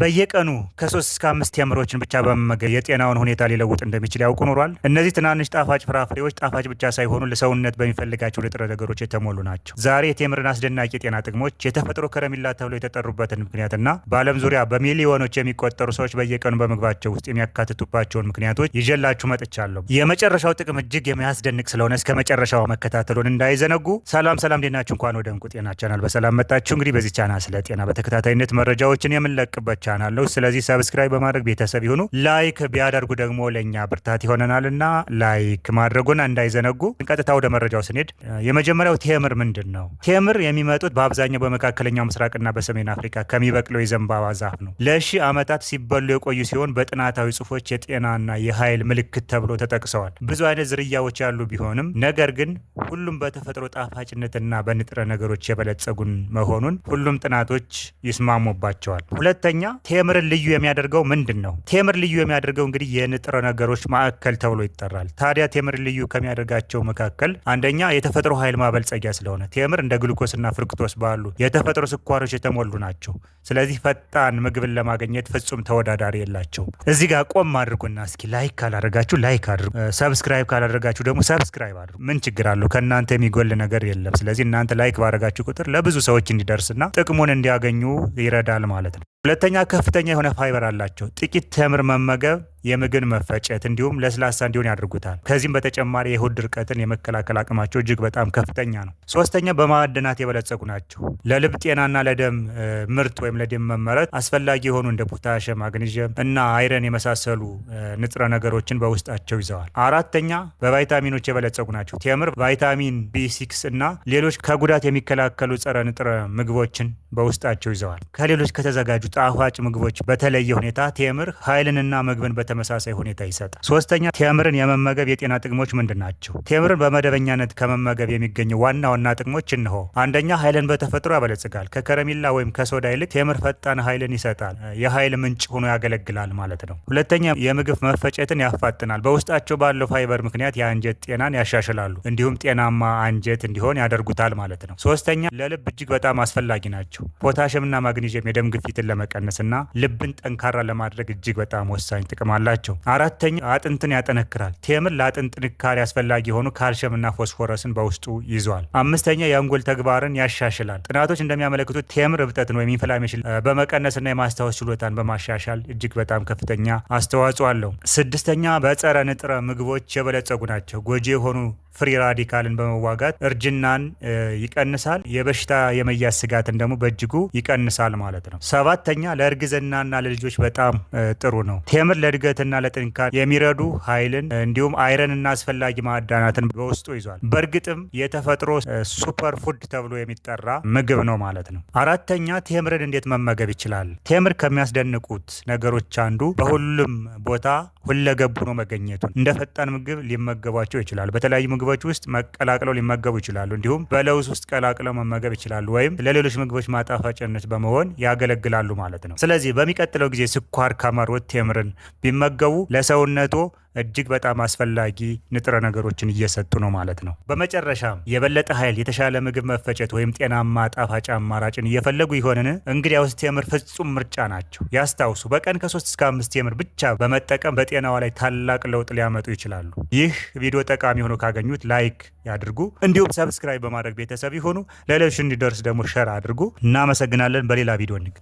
በየቀኑ ከሶስት እስከ አምስት ቴምሮችን ብቻ በመመገብ የጤናውን ሁኔታ ሊለውጥ እንደሚችል ያውቁ ኖሯል። እነዚህ ትናንሽ ጣፋጭ ፍራፍሬዎች ጣፋጭ ብቻ ሳይሆኑ ለሰውነት በሚፈልጋቸው ንጥረ ነገሮች የተሞሉ ናቸው። ዛሬ የቴምርን አስደናቂ የጤና ጥቅሞች፣ የተፈጥሮ ከረሚላ ተብሎ የተጠሩበትን ምክንያትና በዓለም ዙሪያ በሚሊዮኖች የሚቆጠሩ ሰዎች በየቀኑ በምግባቸው ውስጥ የሚያካትቱባቸውን ምክንያቶች ይዤላችሁ መጥቻለሁ። የመጨረሻው ጥቅም እጅግ የሚያስደንቅ ስለሆነ እስከ መጨረሻው መከታተሉን እንዳይዘነጉ። ሰላም ሰላም፣ እንዴት እንኳን ወደ እንቁ ጤና ቻናል በሰላም መጣችሁ። እንግዲህ በዚህ ቻና ስለ ጤና በተከታታይነት መረጃዎችን የምንለቅበት ቻናል ነው። ስለዚህ ሰብስክራይብ በማድረግ ቤተሰብ ይሁኑ። ላይክ ቢያደርጉ ደግሞ ለእኛ ብርታት ይሆነናል ላይክ ማድረጉን እንዳይዘነጉ። ቀጥታ ወደ መረጃው ስንሄድ የመጀመሪያው ቴምር ምንድን ነው? ቴምር የሚመጡት በአብዛኛው በመካከለኛው ምስራቅና በሰሜን አፍሪካ ከሚበቅለው የዘንባባ ዛፍ ነው። ለሺህ ዓመታት ሲበሉ የቆዩ ሲሆን በጥናታዊ ጽሁፎች የጤናና የኃይል ምልክት ተብሎ ተጠቅሰዋል። ብዙ አይነት ዝርያዎች ያሉ ቢሆንም ነገር ግን ሁሉም በተፈጥሮ ጣፋጭነትና በንጥረ ነገሮች የበለጸጉን መሆኑን ሁሉም ጥናቶች ይስማሙባቸዋል። ሁለተኛ ቴምርን ልዩ የሚያደርገው ምንድን ነው? ቴምር ልዩ የሚያደርገው እንግዲህ የንጥረ ነገሮች ማዕከል ተብሎ ይጠራል። ታዲያ ቴምር ልዩ ከሚያደርጋቸው መካከል አንደኛ የተፈጥሮ ኃይል ማበልጸጊያ ስለሆነ ቴምር እንደ ግሉኮስና ፍርክቶስ ባሉ የተፈጥሮ ስኳሮች የተሞሉ ናቸው። ስለዚህ ፈጣን ምግብን ለማግኘት ፍጹም ተወዳዳሪ የላቸው። እዚህ ጋር ቆም አድርጉና እስኪ ላይክ ካላደረጋችሁ ላይክ አድርጉ፣ ሰብስክራይብ ካላደረጋችሁ ደግሞ ሰብስክራይብ አድርጉ። ምን ችግር አለው? ከእናንተ የሚጎል ነገር የለም። ስለዚህ እናንተ ላይክ ባደረጋችሁ ቁጥር ለብዙ ሰዎች እንዲደርስና ጥቅሙን እንዲያገኙ ይረዳል ማለት ነው። ሁለተኛ ከፍተኛ የሆነ ፋይበር አላቸው። ጥቂት ተምር መመገብ የምግብ መፈጨት እንዲሁም ለስላሳ እንዲሆን ያደርጉታል። ከዚህም በተጨማሪ የሆድ ድርቀትን የመከላከል አቅማቸው እጅግ በጣም ከፍተኛ ነው። ሶስተኛ በማዕድናት የበለጸጉ ናቸው። ለልብ ጤናና ለደም ምርት ወይም ለደም መመረት አስፈላጊ የሆኑ እንደ ፖታሽም፣ ማግኒዥም እና አይረን የመሳሰሉ ንጥረ ነገሮችን በውስጣቸው ይዘዋል። አራተኛ በቫይታሚኖች የበለጸጉ ናቸው። ቴምር ቫይታሚን ቢ ሲክስ እና ሌሎች ከጉዳት የሚከላከሉ ጸረ ንጥረ ምግቦችን በውስጣቸው ይዘዋል። ከሌሎች ከተዘጋጁ ጣፋጭ ምግቦች በተለየ ሁኔታ ቴምር ኃይልንና ምግብን በተመሳሳይ ሁኔታ ይሰጣል። ሶስተኛ ቴምርን የመመገብ የጤና ጥቅሞች ምንድን ናቸው? ቴምርን በመደበኛነት ከመመገብ የሚገኙ ዋና ዋና ጥቅሞች እንሆ፣ አንደኛ ኃይልን በተፈጥሮ ያበለጽጋል። ከከረሜላ ወይም ከሶዳ ይልቅ ቴምር ፈጣን ኃይልን ይሰጣል። የኃይል ምንጭ ሆኖ ያገለግላል ማለት ነው። ሁለተኛ የምግብ መፈጨትን ያፋጥናል። በውስጣቸው ባለው ፋይበር ምክንያት የአንጀት ጤናን ያሻሽላሉ፣ እንዲሁም ጤናማ አንጀት እንዲሆን ያደርጉታል ማለት ነው። ሶስተኛ ለልብ እጅግ በጣም አስፈላጊ ናቸው። ፖታሽምና ማግኒዥም የደም ግፊትን ለመቀነስና ልብን ጠንካራ ለማድረግ እጅግ በጣም ወሳኝ ጥቅም አላቸው። አራተኛ አጥንትን ያጠነክራል። ቴምር ለአጥንት ጥንካሬ አስፈላጊ የሆኑ ካልሽየምና ፎስፎረስን በውስጡ ይዟል። አምስተኛ የአንጎል ተግባርን ያሻሽላል። ጥናቶች እንደሚያመለክቱት ቴምር እብጠትን ወይም ኢንፍላሜሽን በመቀነስና የማስታወስ ችሎታን በማሻሻል እጅግ በጣም ከፍተኛ አስተዋጽኦ አለው። ስድስተኛ በጸረ ንጥረ ምግቦች የበለጸጉ ናቸው። ጎጂ የሆኑ ፍሪ ራዲካልን በመዋጋት እርጅናን ይቀንሳል። የበሽታ የመያዝ ስጋትን ደግሞ በእጅጉ ይቀንሳል ማለት ነው። ሰባተኛ ለእርግዝናና ለልጆች በጣም ጥሩ ነው። ቴምር ለእድገትና ለጥንካሬ የሚረዱ ኃይልን እንዲሁም አይረንና አስፈላጊ ማዕዳናትን በውስጡ ይዟል። በእርግጥም የተፈጥሮ ሱፐር ፉድ ተብሎ የሚጠራ ምግብ ነው ማለት ነው። አራተኛ ቴምርን እንዴት መመገብ ይችላል? ቴምር ከሚያስደንቁት ነገሮች አንዱ በሁሉም ቦታ ሁለገቡ ነው መገኘቱን። እንደ ፈጣን ምግብ ሊመገቧቸው ይችላል። በተለያዩ ምግቦች ውስጥ መቀላቅለው ሊመገቡ ይችላሉ። እንዲሁም በለውዝ ውስጥ ቀላቅለው መመገብ ይችላሉ፣ ወይም ለሌሎች ምግቦች ማጣፋጭነት በመሆን ያገለግላሉ ማለት ነው። ስለዚህ በሚቀጥለው ጊዜ ስኳር፣ ከመር፣ ወጥ ቴምርን ቢመገቡ ለሰውነቶ እጅግ በጣም አስፈላጊ ንጥረ ነገሮችን እየሰጡ ነው ማለት ነው። በመጨረሻም የበለጠ ኃይል፣ የተሻለ ምግብ መፈጨት ወይም ጤናማ ጣፋጭ አማራጭን እየፈለጉ ይሆንን? እንግዲያውስ ቴምር ፍጹም ምርጫ ናቸው። ያስታውሱ፣ በቀን ከሶስት እስከ አምስት ቴምር ብቻ በመጠቀም በጤናዋ ላይ ታላቅ ለውጥ ሊያመጡ ይችላሉ። ይህ ቪዲዮ ጠቃሚ ሆኖ ካገኙት ላይክ ያድርጉ፣ እንዲሁም ሰብስክራይብ በማድረግ ቤተሰብ ይሆኑ። ለሌሎች እንዲደርስ ደግሞ ሸር አድርጉ። እናመሰግናለን። በሌላ ቪዲዮ እንግ